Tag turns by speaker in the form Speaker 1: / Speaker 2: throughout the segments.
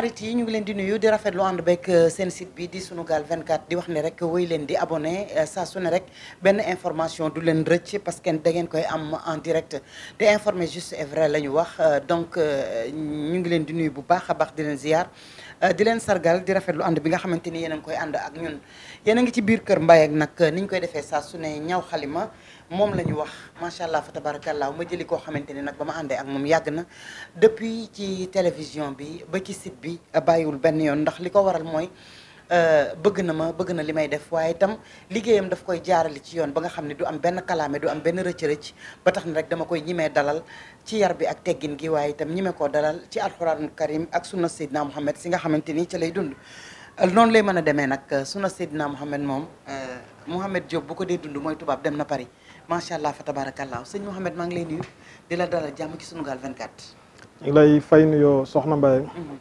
Speaker 1: xarit yi ñu ngi leen di nuyu di rafetlu ànd beeg euh, seen site bi di Sunugal 24 di wax ne rek wéy leen di abonné euh, saa su ne rek benn information du leen rëcc parce que da ngeen koy am en direct te informer juste et vrai la ñu wax euh, donc ñu ngi leen di nuyu bu baax a baax di leen ziar di leen sargal di rafetlu ànd bi nga xamante ni yéen a ngi koy ànd ak ñun. yéen a ngi ci biir kër Mbaye ak nag ni ñu koy defee saa su ne ñaw xalima moom la ñu wax macha allah fa tabarakallah ma jëli koo xamante ni nag ba ma àndee ak moom yàgg na depuis ci télévision bi ba ci sit bi bàyyiwul benn yoon ndax li ko waral mooy euh, bëgg na ma bëgg na li may def waaye itam liggéeyam daf koy jaarali ci yoon ba nga xam ne du am benn kalaame du am benn rëcc-rëcc ba tax na rek dama koy ñimee dalal ci yar bi ak teggin gi waaye itam ñime koo dalal ci alxuraanul karim ak sunna seydina muhammad si nga xamante ni ci lay dund Euh, noonu lay mën a demee nag euh, sunu Seydina Mohamed moom euh, Mohamed Diop bu ko dee dund mooy tubaab dem na Paris macha allah fa tabaarakallaahu sëñ Mohamed maa ngi lay nuyu di la dalal jàmm ci Sunugal 24.
Speaker 2: ngi lay fay nuyoo Soxna Mbaye. Mm-hmm.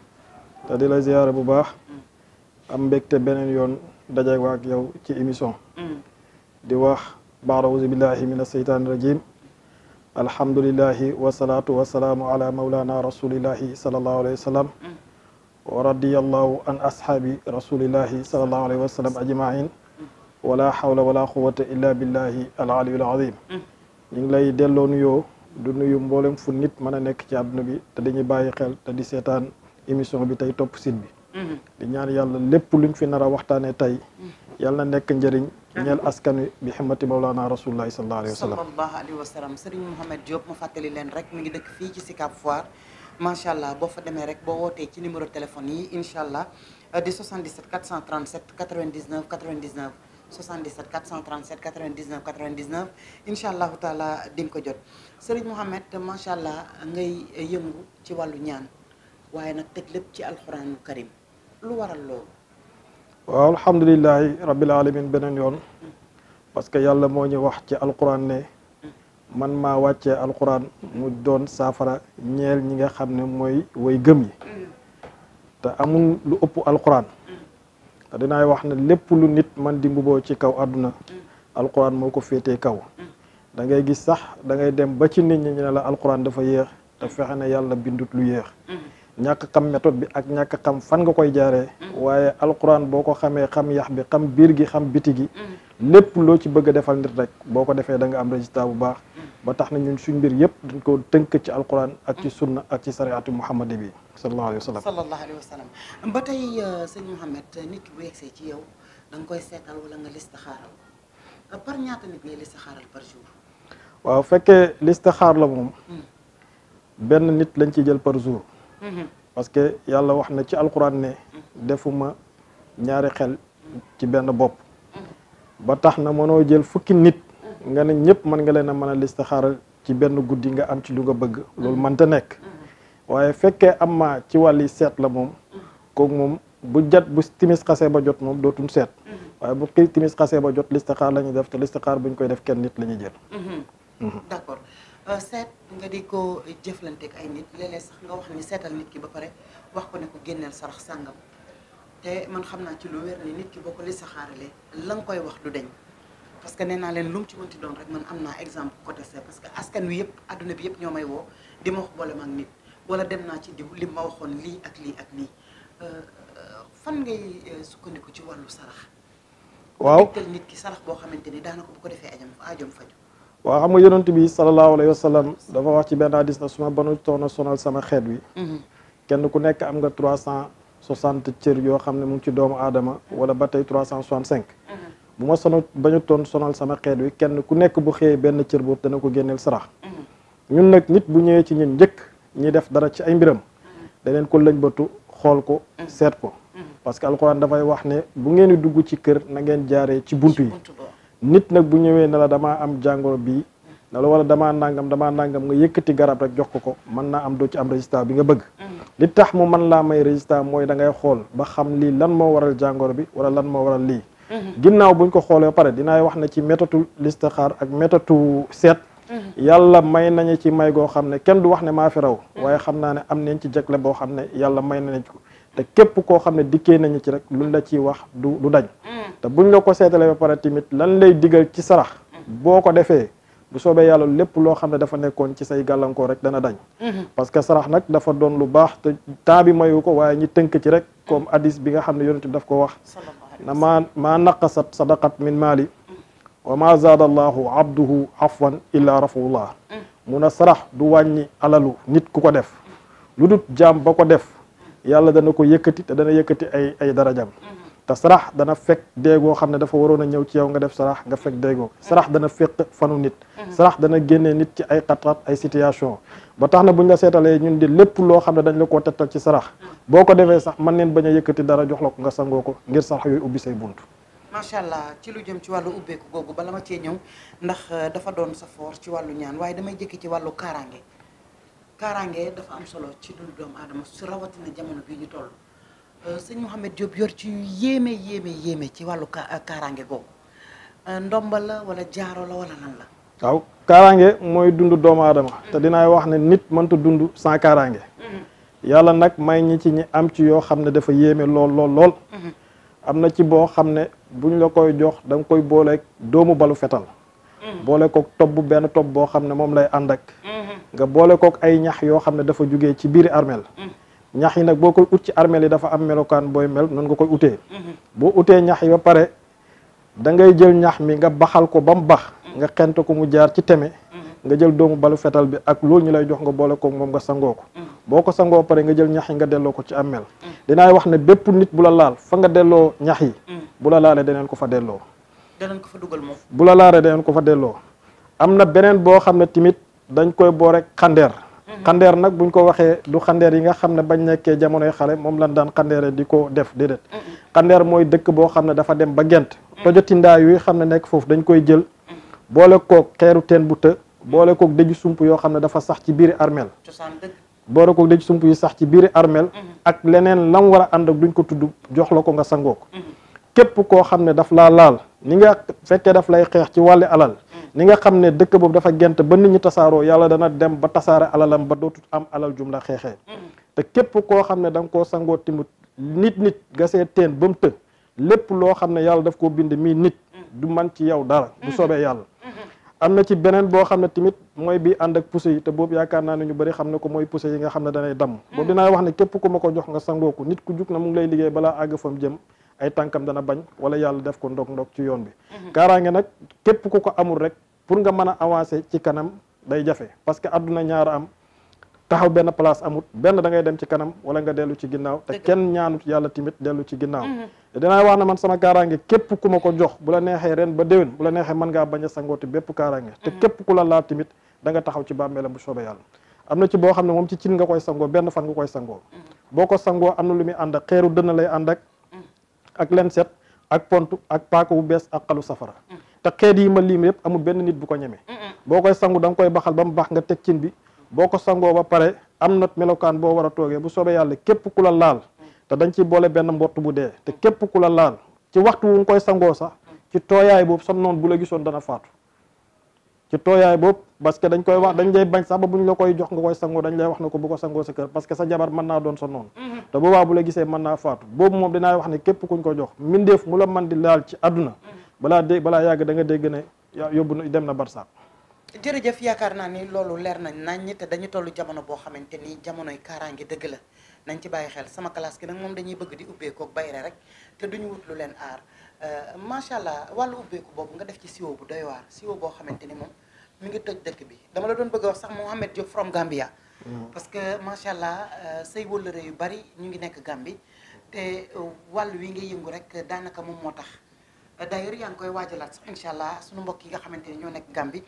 Speaker 2: te di la ziyaare bu baax. Mm-hmm. am mbégte beneen yoon daje ak yow ci émission. Mm-hmm. di wax baada auzu billahi min aseytaani rajim. alhamdulilahi wasalaatu wasalaamu ala maulana rasulillahi salallahu alayhi wa radiyallahu an ashaabi rasulillahi salallahu alayhi wa sallam ajmain wala hawla wala quwata illa billahi al aliyul azim ñu ngi lay delloo nuyoo du nuyu mboolem fu nit mën a nekk ci àdduna bi te dañuy bàyyi xel te di seetaan émission bi tey topp site bi di ñaan yàlla lépp luñ fi nar a tey yàlla na nekk njëriñ ñeel askan wi bi xamati mawlaana rasulullahi sallallahu alayhi wa
Speaker 1: sallam sallallahu alayhi wa macha allah boo fa demee rek boo wootee ci numéro téléphone yi incha allah euh, di 77 437 99 99 77 437 99 99 incha allahu taala di nga ko jot sëriñ Mouhamed macha allah ngay yëngu ci wàllu ñaan waaye nag teg lépp ci alxuraanu karim lu waral loolu.
Speaker 2: waaw alhamdulilahi rabbil alamin beneen yoon hmm. parce que yàlla moo ñu wax ci alquran ne. man maa wàccee alxuraan mu doon saafara ñeel ñi nga xam ne mooy way gëm yi te amul lu ëpp alxuraan te dinaay wax ne lépp lu nit man di mbuboo ci kaw àdduna alxuraan moo ko féete kaw dangay gis sax dangay dem ba ci nit ñi ñu ne la alxuraan dafa yéex te fexe ne yàlla bindut lu yéex ñàkk xam méthode bi ak ñàkk xam fan nga koy jaaree waaye alxuraan boo ko xamee xam yax bi xam biir gi xam biti gi lépp loo ci bëgg a defal nit rek boo ko defee da nga am résultat bu baax ba tax na ñun suñ mbir yëpp dañ ko tënk ci alquran ak ci sunna ak ci sariatu muhammad bi sallallahu alayhi wa sallam sallallahu
Speaker 1: euh, ci yow da koy seetal wala nga listixaaral euh,
Speaker 2: waaw fekkee listixaar la moom hmm. benn nit lañ ci jël par jour parce que yàlla wax na ci alquran ne defuma ñaari xel ci benn bopp ba tax na mënoo jël fukki nit nga ne ñëpp mën nga leen a mën a xaaral ci benn guddi nga am ci lu nga bëgg loolu mënta nekk waaye fekkee am ma ci wàlli seet la moom kooku moom bu jat bu timis xasee ba jot moom dootuñ seet waaye bu kii timis xasee ba jot listixaar la ñuy def te xaar bu ñu koy def kenn nit la ñuy jël
Speaker 1: mm-hmm. Mm-hmm. d'accord euh, seet nga di ko jëflanteeg ay nit léeg sax nga wax ni seetal nit ki ba pare wax ko ne ko génneel sarax sàngam te man xam naa ci lu wér ni nit la koy wax du deñ parce que nee naa leen lu mu ci mënti doon rek man am naa exemple côté ça parce que askan wi yëpp adduna bi yëpp ñoo may woo di ma wax boole ma ak nit wala dem naa ci diw li ma waxoon lii ak lii ak lii euh, euh, fan ngay euh, sukkandiku ci nit ko defee ajam ajam faju
Speaker 2: waaw xam nga yonent bi sallallahu alayhi wa dafa wax ci benn hadis na su ma banu toona sonal sama xeet wi. Mhm. kenn ku nekk am nga trois cent soixante cër yoo xam ne mu ngi ci doomu aadama wala ba tey trois cent soixante cinq. Mhm. bu ma sonal bañu toon sonal sama xeet wi kenn ku nekk bu xëyee benn cër boobu dana ko génneel sarax mm-hmm. ñun nag nit bu ñëwee ci ñun njëkk ñi def dara ci ay mbiram mm-hmm. daneen ko lëñbatu xool ko mm-hmm. seet ko parce que alxuraan dafay wax ne bu ngeen di dugg ci kër na ngeen jaaree ci bunt yi nit nag bu ñëwee ne la damaa am jàngoro bii ne la wala damaa nangam damaa nangam nga yëkkati garab rek jox ko ko mën naa am doo ci am résultat bi nga bëgg li tax mu mën laa may résultat mooy da ngay xool ba xam lii lan moo waral jàngoro bi wala lan moo waral lii Mm-hmm. ginnaaw ñu ko xoolee pare dinaay wax ne ci méthode xaar ak méthode seet mm-hmm. yàlla may nañu ci may goo xam ne kenn du wax ne maa fi raw mm-hmm. waaye xam naa ne am nañ ci jagle boo xam ne yàlla may nañu ko te képp koo xam ne dikkee nañu ci rek luñ la ciy wax du du dañ te buñ la ko seetalee ba pare tamit lan lay digal ci sarax boo ko defee bu soobee yàlla lépp loo xam ne dafa nekkoon ci say gàllankoor rek dana dañ parce sarax nag dafa doon lu baax te temps bi mayu ko waaye ñi tënk ci rek comme hadis bi nga xam ne yonent bi daf na maa maa naqasat sadaqat min maali wa ma zaada allahu abduhu afwan illa rafullah mun a sarax du wàññi alalu nit ku ko def lu dut jaam ba ko def yàlla dana ko yëkkati te dana yëkkati ay ay darajam te sarax dana fekk déegoo xam ne dafa waroon a ñëw ci yow nga def sarax nga fekk déegoo mm-hmm. sarax dana fekk fanu nit mm-hmm. sarax dana génnee nit ci ay xat-xat ay situation ba tax na buñ la seetalee ñun di lépp loo xam ne dañ la koo tettal ci sarax mm-hmm. boo ko defee sax mën neen bañ a yëkkati dara jox la ko nga sangoo ko ngir sarax yooyu ubbi say bunt
Speaker 1: macha allah ci lu jëm ci wàllu ubbeeku googu bala ma cee ñëw ndax euh, dafa doon sa foor ci wàllu ñaan waaye damay jëkki ci wàllu kaaraange kaaraange dafa am solo ci dundu doomu Euh, sëñ Mouhamed Diop yor ci yéeme yéeme yéeme ci wàllu euh, kaaraange googu euh, ndomba la wala jaaro la wala lan la.
Speaker 2: waaw kaaraange mooy dund doomu aadama. te dinaay wax ne nit mënta dund sans kaaraange.
Speaker 1: Mm-hmm.
Speaker 2: yàlla nag may ñi ci ñi am ci yoo xam ne dafa yéeme lool lool mm-hmm. am na ci boo xam ne buñ la koy jox danga nga koy booleeg doomu balu fetal. Mm-hmm. boole kook tobb benn tobb boo xam ne moom lay ànd ak. nga boole kook ay ñax yoo xam ne dafa jóge ci biir armeel ñax yi nag boo koy ut ci armeel yi dafa am melokaan booy mel noonu nga koy utee mhm. boo utee ñax yi ba pare da ngay jël ñax mi nga baxal ko ba mu bax mhm. nga xent ko mu jaar ci teme mhm. nga jël doomu balu fetal bi ak loolu ñu lay jox nga boole ko moom nga sangoo ko boo ko sangoo pare nga jël ñax yi nga delloo ko ci armeel dinaay wax ne bépp nit bu la laal fa nga delloo ñax yi bu la laalee daneen ko fa delloo
Speaker 1: daneen ko fa dugal moom
Speaker 2: bu la laalee daneen ko fa delloo am na beneen boo xam ne tamit dañ koy boo rek xandeer xandeer nag bu ñu ko waxee du xandeer yi nga xam ne bañ nekkee jamonoy xale moom lan daan xandeere di ko def déedéet xandeer mooy dëkk boo xam ne dafa dem ba gent tojotindaay yi xam ne nekk foofu dañ koy jël boole koog xeeru teen bu të boole koog dëju sump yoo xam ne dafa sax ci biir armeel boole koog dëju sump yi sax ci biiri armeel ak leneen lam war ànd ak duñ ko tudd jox la ko nga sangoo ko képp koo xam ne daf laa laal ni nga fekkee daf lay xeex ci wàlli alal ni nga xam ne dëkk boobu dafa gent ba nit ñi tasaaroo yàlla dana dem ba tasaare alalam ba dootul am alal jum la xeexee mm-hmm. te képp koo xam ne danga nga koo sangoo timit nit nit nga see teen ba mu të lépp loo xam ne yàlla daf koo bind mii nit mm-hmm. du man ci yaw dara bu mm-hmm. soobee yàlla am na ci beneen boo xam ne tamit mooy bi ànd ak poussé yi te boobu yaakaar naa ne ñu bëri xam ne ko mooy poussé yi nga xam ne danay damm boobu dinaa wax ne képp ku ma ko jox nga sangoo nit ku jug na mu ngi lay liggéey balaa àgg fa mu jëm ay tànkam dana bañ wala yàlla def ko ndog ndog ci yoon bi kaaraange nag képp ku ko amul rek pour nga man a avancer ci kanam day jafe parce que àdduna ñaara am taxaw benn place amut benn da ngay dem ci kanam wala nga dellu ci ginnaaw te kenn ñaanut yàlla tamit dellu ci ginnaaw mm-hmm. te wax ne man sama kaaraange képp ku ma ko jox bu la neexee ren ba déwén bu la neexee mën ngaa bañ a sangooti bépp kaaraange te mm-hmm. képp ku la laal tamit da nga taxaw ci bàmmeelam bu soobee yàlla am na boo xam ne moom ci nga koy sangoo benn fan nga koy sangoo mm-hmm. boo ko sangoo am na ak lenset ak pont ak paaka bu bees ak xalu safara te xeet yi ma liim yëpp amul benn nit bu ko ñemee boo koy sangu da nga koy baxal ba mu baax nga teg cin bi boo ko sangoo ba pare am na melokaan boo war a toogee bu soobee yàlla képp ku la laal te dañ ci boole benn mbott bu dee te képp ku la laal ci waxtu wu nga koy sangoo sax ci tooyaay boobu sa noon bu la gisoon dana faatu ci tooyaay boobu parce que dañ koy wax dañ lay bañ sax ba bu ñu la koy jox nga koy sangoo dañ lay wax ne ko bu ko sangoo sa kër parce que sa jabar mën naa doon sa noonu mm-hmm. te boobaa bu la gisee mën naa faatu boobu moom dinaay wax ne képp kuñ ko jox mbindeef mu la man di laal ci àdduna mm-hmm. balaa dé balaa yàgg danga nga dégg ne yóbbu na dem na barsax
Speaker 1: jërëjëf yaakaar naa ni loolu leer nañ nañ te dañu toll jamono boo xamante ni jamonoy kaaraange dëgg la nañ ci bàyyi xel sama classe gi nag moom dañuy bëgg di ubbeekoog bayre rek leen aar Euh, macha allah wàllu ubbeeku boobu nga def ci siwo bu doy waar siwo boo xamante ni moom mu ngi toj dëkk bi dama la doon bëgg a wax sax Mouhamed Diop from Gambia. Mm. parce que macha allah euh, say wëllëre yu bari ñu ngi nekk Gambie te euh, wàll wi ngay yëngu rek daanaka moom moo tax d'ailleurs yaa ngi koy waajalaat sax incha allah sunu mbokk yi nga xamante ni ñoo nekk Gambie.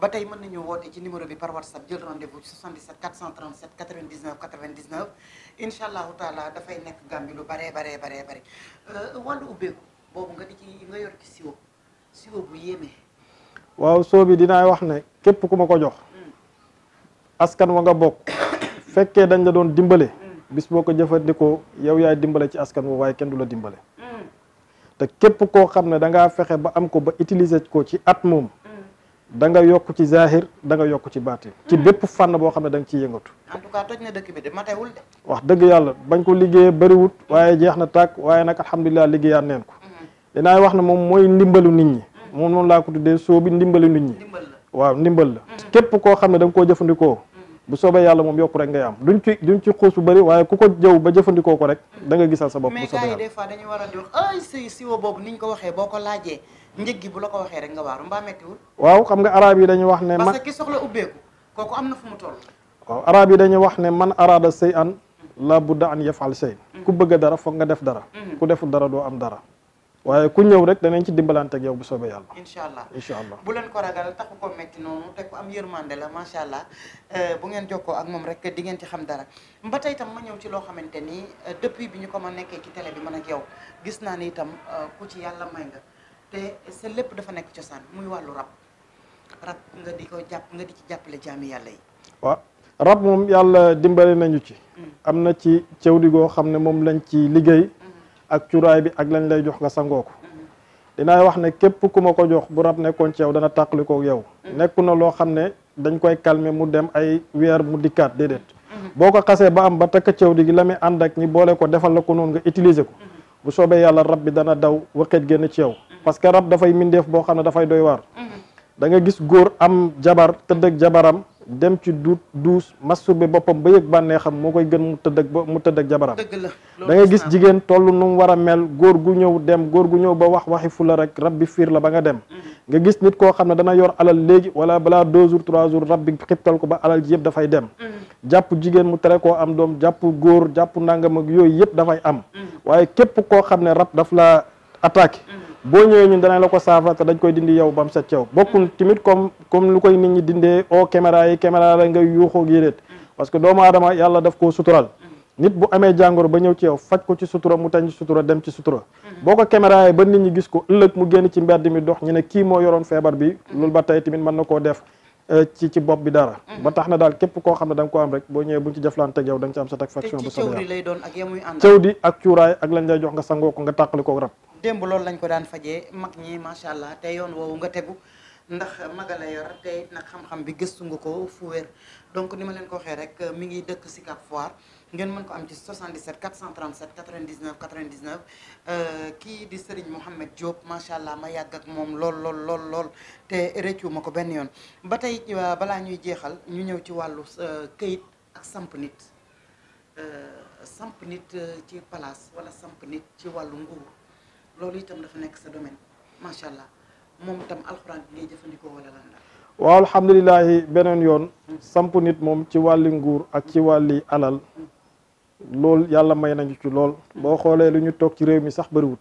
Speaker 1: ba tey mën nañu woote ci numéro bi par whatsapp jël rendez-vous ci 77 437 99 99 incha allahu taala dafay nekk Gambie lu baree bari wàllu ubbeeku. boobu nga
Speaker 2: waaw soo bi dinaa wax ne képp ku ma ko jox. Mm. askan wa nga bokk. fekkee dañ la doon dimbale. Mm. bis boo ko jëfandikoo yow yaay dimbale ci askan wa waaye kenn du la dimbale. Mm. te képp koo xam ne da fexe ba am ko ba utiliser ko ci at moom. danga yokk ci zahir da nga yokk ci baatin ci bépp fànn boo xam ne da nga ciy yëngatu.
Speaker 1: en na dëkk bi
Speaker 2: wax dëgg yàlla bañ ko liggéeyee bëriwut waaye jeex na tàkk waaye nag alhamdulilah liggéeyaan neen ko. danaay wax ne moom mooy ndimbalu nit ñi moom noonu laa ko tuddee soo bi ndimbalu nit ñi waaw ndimbal la mm-hmm. képp koo xam ne da koo jëfandikoo mm-hmm. bu soobee yàlla moom yokku rek ngay am duñ ci duñ ci xuus bu bëri waaye ku ko jëw ba jëfandikoo ko rek da nga gisal sa bopp bu soobee
Speaker 1: yàlla mais gars yi des fois dañuy ko waxee boo ko laajee njëg gi bu la ko waxee rek nga waaru mbaa méttiwul
Speaker 2: waaw xam nga araab yi dañuy wax ne parce que
Speaker 1: ki soxla kooku am na fu
Speaker 2: mu dañuy wax ne man araada say an la budda an yafal shay mm-hmm. ku bëgg dara foog nga def dara ku deful dara doo am dara waaye ku ñëw rek danañ ci dimbalante ak yow bu soobee yàlla. incha allah incha allah
Speaker 1: bu leen ko ragal taxu ko metti noonu te ku am yërmande la macha allah euh, bu ngeen jokkoo ak moom rek di ngeen ci xam dara ba tey itam ma ñëw ci loo xamante ni euh, depuis bi ñu ko ma nekkee ci télé bi man ak yow gis naa ni itam euh, ku ci yàlla may nga te sa lépp dafa nekk cosaan muy wàllu rab rab nga di ko jàpp nga di ci jàppale jaami yàlla yi.
Speaker 2: waaw rab moom yàlla dimbale nañu ci. Hmm. am na ci cëw di xam ne moom lañ ci liggéey. ak cuuraay bi ak lañ lay jox nga sangoo ko dinaay wax ne képp ku ma ko jox bu rab nekkoon ci yow dana tàqali ko yow nekku na loo xam ne dañ koy calmer mu dem ay weer mu dikkaat déedéet boo ko xasee ba am ba takk ceew di gi la muy ànd ak ñi boole ko defal la ko noonu nga utiliser ko bu soobee yàlla rab bi dana daw waqeet génn ci yow parce que rab dafay mindeef boo xam ne dafay doy waar mm-hmm. da nga gis góor am jabar tëdd jabaram dem ci du duus masturbe boppam ba yëg bànneexam moo koy gën mu tëdd ak mu tëdd ak jabaram
Speaker 1: da
Speaker 2: nga gis jigéen toll nu mu war a mel góor gu ñëw dem góor gu ñëw ba wax waxi fula rek rab bi fiir la ba nga dem mm-hmm. nga gis nit koo xam ne dana yor alal léegi wala balaa deux jours trois jours rab bi xiptal ko ba alal ji yëpp dafay dem mm-hmm. jàpp jigéen mu tere koo am doom jàpp góor jàpp nangam ak yooyu yëpp dafay am mm-hmm. waaye képp koo xam ne rab daf la attaqué boo ñëwee ñun danañ la ko saafara te dañ koy dindi yow ba mu set yow bokkul tamit comme comme lu koy nit ñi dindee oo oh, caméra yi caméra la nga yuuxoo gi parce que doomu aadama yàlla daf koo sutural nit bu amee jàngoro ba ñëw ci yow faj ko ci sutura mu tañ ci sutura dem ci sutura mm-hmm. boo ko caméra yi ba nit ñi gis ko ëllëg mu génn ci mbedd mi dox ñu ne kii moo yoroon feebar bi mm-hmm. loolu ba tey tamit mën na koo def euh, ci ci bopp bi dara mm-hmm. ba tax na daal képp koo xam ne da ko boo ñëwee buñ ci jëflante ak yow da nga ci am satisfaction ak cuuraay ak lañ nga sangoo ko nga tàqali ko rab
Speaker 1: démb loolu lañ ko daan fajee mag ñi macha allah te yoon woowu nga tegu ndax maga la yor te it nag xam-xam bi gëstu nga ko fu wér donc ni ma leen ko waxee rek mi ngi dëkk si Cap Foire ngeen mën ko am ci 77 437 99 99 kii di Serigne Mouhamed Diop macha allah ma yàgg ak moom lool lool lool lool te rëccu ma ko benn yoon ba tey euh, balaa ñuy jeexal ñu ñëw ci wàllu euh, këyit ak samp nit euh, nit ci palaas wala samp ci wàllu nguur loolu itam dafa nekk sa domaine macha allah moom itam
Speaker 2: waaw alhamdulilahi beneen yoon. samp nit moom ci wàlli nguur ak ci wàlli alal. loolu yàlla may nañu ci lool boo xoolee lu ñu toog ci réew mi sax bëriwut.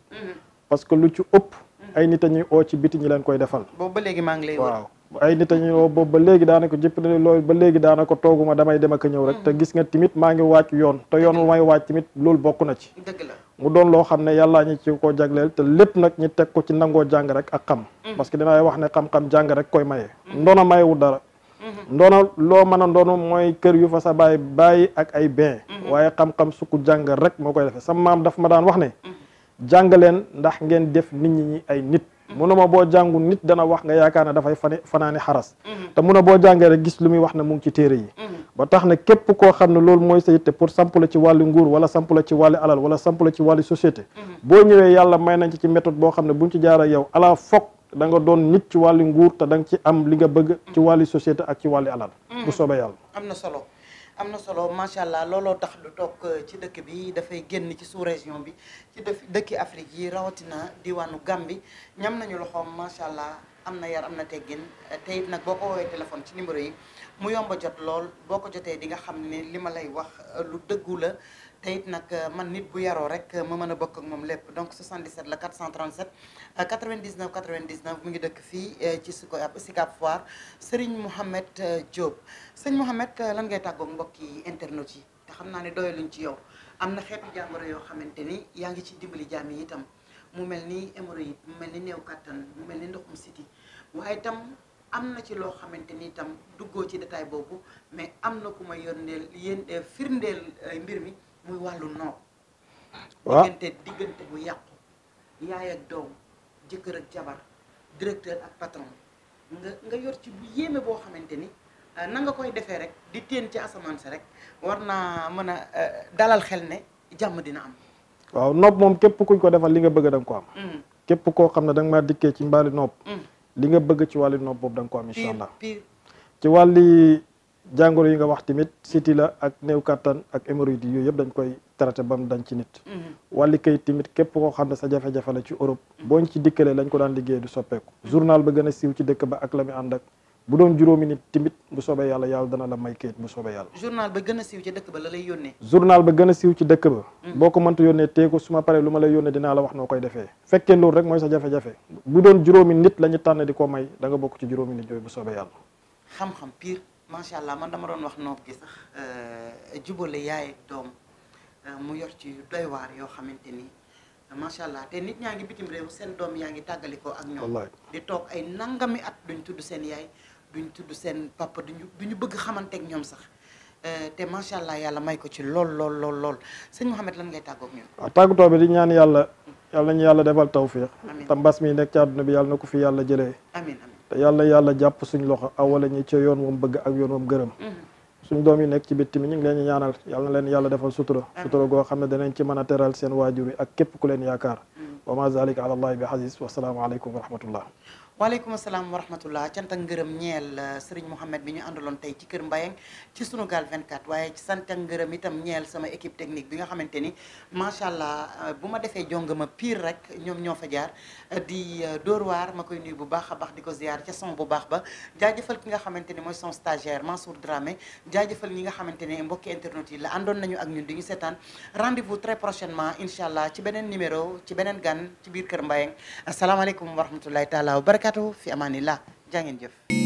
Speaker 2: parce que lu ci ëpp. ay nit a ñuy oo ci biti ñi leen koy defal.
Speaker 1: boobu ba léegi ngi lay waaw
Speaker 2: ay nit a ñuy oo boobu ba léegi daanaka jëpp na loolu ba léegi daanaka tooguma damay dem ak a ñëw rek. Mm. te gis nga tamit maa ngi wàcc yoon te yoon wu may wàcc tamit loolu bokk na ci. dëgg la. mu doon loo xam ne yàllaa ñi ci ko jagleel te lépp nag ñi teg ko ci nangoo jàng rek ak xam mm-hmm. parce que dinaay wax ne xam-xam jàng rek koy maye mm-hmm. ndoona mayewu dara mm-hmm. ndoona loo mën a ndoonu mooy kër yu fa sa bàyyi bàyyi ak ay bien waaye xam-xam sukku jàng rek moo koy defee sama maam daf ma daan wax ne jàng leen ndax ngeen def nit ñi ñi ay nit munuma boo jàngu nit dana wax nga yaakaar ne dafay fane fanaani xaras mm-hmm. te mu ne boo jàngee rek gis lu muy wax ne mu ngi ci téere yi mm-hmm. ba tax na képp koo xam ne loolu mooy sa yitte pour samp la ci wàlli nguur wala samp la ci wàllu alal wala samp la ci wàllu société mm-hmm. boo ñëwee yàlla may nañ ci ci méthode boo xam ne buñ ci jaar ak yow ala foog danga doon nit ci wàllu nguur te danga nga ci am li nga bëgg ci wàlli société ak ci wàllu alal bu soobee yàlla
Speaker 1: am na solo am na solo macha allah looloo tax lu toog euh, ci dëkk bi dafay génn ci sous-région bi ci dëkki Afrique yi rawatina diwaanu Gambie ñam nañu loxoom macha allah am na yar am na teggin euh, te it nag boo ko woowee téléphone ci numéro yi mu yomb jot lool boo ko jotee di nga xam ne li ma lay wax euh, lu dëggu la. te it nag euh, man nit bu yaroo rek euh, ma mën a bokk ak moom lépp donc 77 la 437 99 99 mu ngi dëkk fii euh, ci Sicap Foire Serigne Mohamed joob sëñ Mohamed lan ngay tàggoog mbokk yi internet yi te xam naa ne doyaluñ ci yow am na xeetu jàngoro yoo xamante ni yaa ngi ci dimbali jaam yi itam mu mel ni hémorroïde mu mel ni néew kattan mu mel ni ndoxum siti waaye itam am na ci loo xamante ni itam duggoo ci détail boobu mais am na ku ma yónneel yéen firndeel mbir mi muy wàllu nopp. waaw ah. diggante diggante bu yàqu. yaay ak doom jëkkër ak jabar directeur ak patron nga nga yor ci bu yéeme boo xamante ni ah, na nga koy defee rek di teen ci asamaan si rek war naa mën a eh, dalal xel ne jàmm dina am.
Speaker 2: waaw nopp moom képp kuñ ko defal li nga bëgg da ko am. Mm. képp koo xam ne danga nga maa dikkee ci mbaali nopp. Mm. li nga bëgg ci wàllu nopp boobu da nga ko am incha allah. ci wàlli jàngoro yi nga wax tamit siti la ak new kattan ak hémorroïdes yooyu yëpp dañ koy traité bam dañ ci nit mm-hmm. wàlli kayit tamit képp koo xam ne sa jafe-jafe la ci Europe mm-hmm. booñ ci dikkalee lañ ko daan liggéey du soppeeku journal ba gën ci dëkk ak la mu ànd ak bu doon juróomi nit bu soobee yàlla yàlla dana la may kayit bu soobee yàlla
Speaker 1: journal ba gën a
Speaker 2: gën a siiw dëkk ba mm-hmm. boo ko mënta yónnee tee ko su ma paree lu ma lay yónnee dinaa la wax noo koy defee fekkee loolu rek mooy sa jafe-jafe bu doon juróomi nit la ñu tànn di ko may danga bokk ci juróomi nit yooyu bu soobee yàlla
Speaker 1: xam-xam macha allah man dama doon wax nopp gi sax euh, jubale yaay ak doom euh, mu yor ci doy waar yoo xamante ni macha allah te nit ñaa ngi bitim réew seen doom yaa ngi tàggalikoo ak ñoom di toog ay nangami at ñu tudd seen yaay duñ tudd seen papa duñu ñu bëgg xamanteek ñoom sax euh, te macha allah yàlla may ko ci lool lool lool lool sëñ Mouhamed lan ngay tàggoog ñoom
Speaker 2: waaw ah, tàggatoo bi di ñaan yàlla yàlla nañu yàlla defal tawfiq te mbas mi nekk ci àdduna bi yàlla na ko fi yàlla jëlee te yàlla yàlla jàpp suñ loxo awala ñi ca yoon moom bëgg ak yoon moom gërëm mm-hmm. suñ doom yi nekk ci bitti mi ñu ngi leen di ñaanal yàlla leen yàlla defal sutura sutura goo xam ne danañ ci mën a teral seen waajur yi ak képp ku leen yaakaar mm-hmm. wa ma zalika ala allahi bi aziz wasalaamu aleykum wa rahmatullah
Speaker 1: waaleykum salaam wa rahmatullah cant ak ngërëm ñeel euh, Serigne Mohamed bi ñu àndaloon tey ci kër Mbayang ci Sunugal 24 waaye ci sant ak ngërëm itam ñeel sama équipe technique bi nga xamante ni macha allah euh, bu ma defee jongama piir rek ñoom ñoo fa jaar euh, di Dóor waar ma koy nuyu bu baax a baax di ko ziar ca son bu baax ba jaajëfal ki nga xamante ni mooy son stagiaire Mansour Dramé jaajëfal ñi nga xamante ne mbokki internet yi la àndoon nañu ak ñun di ñu seetaan rendez-vous très prochainement incha allah ci beneen numéro ci beneen gan ci biir kër Mbayang asalaamaaleykum wa rahmatullahi taala wa barakaatu fi amaanillah jaa ngeen jëf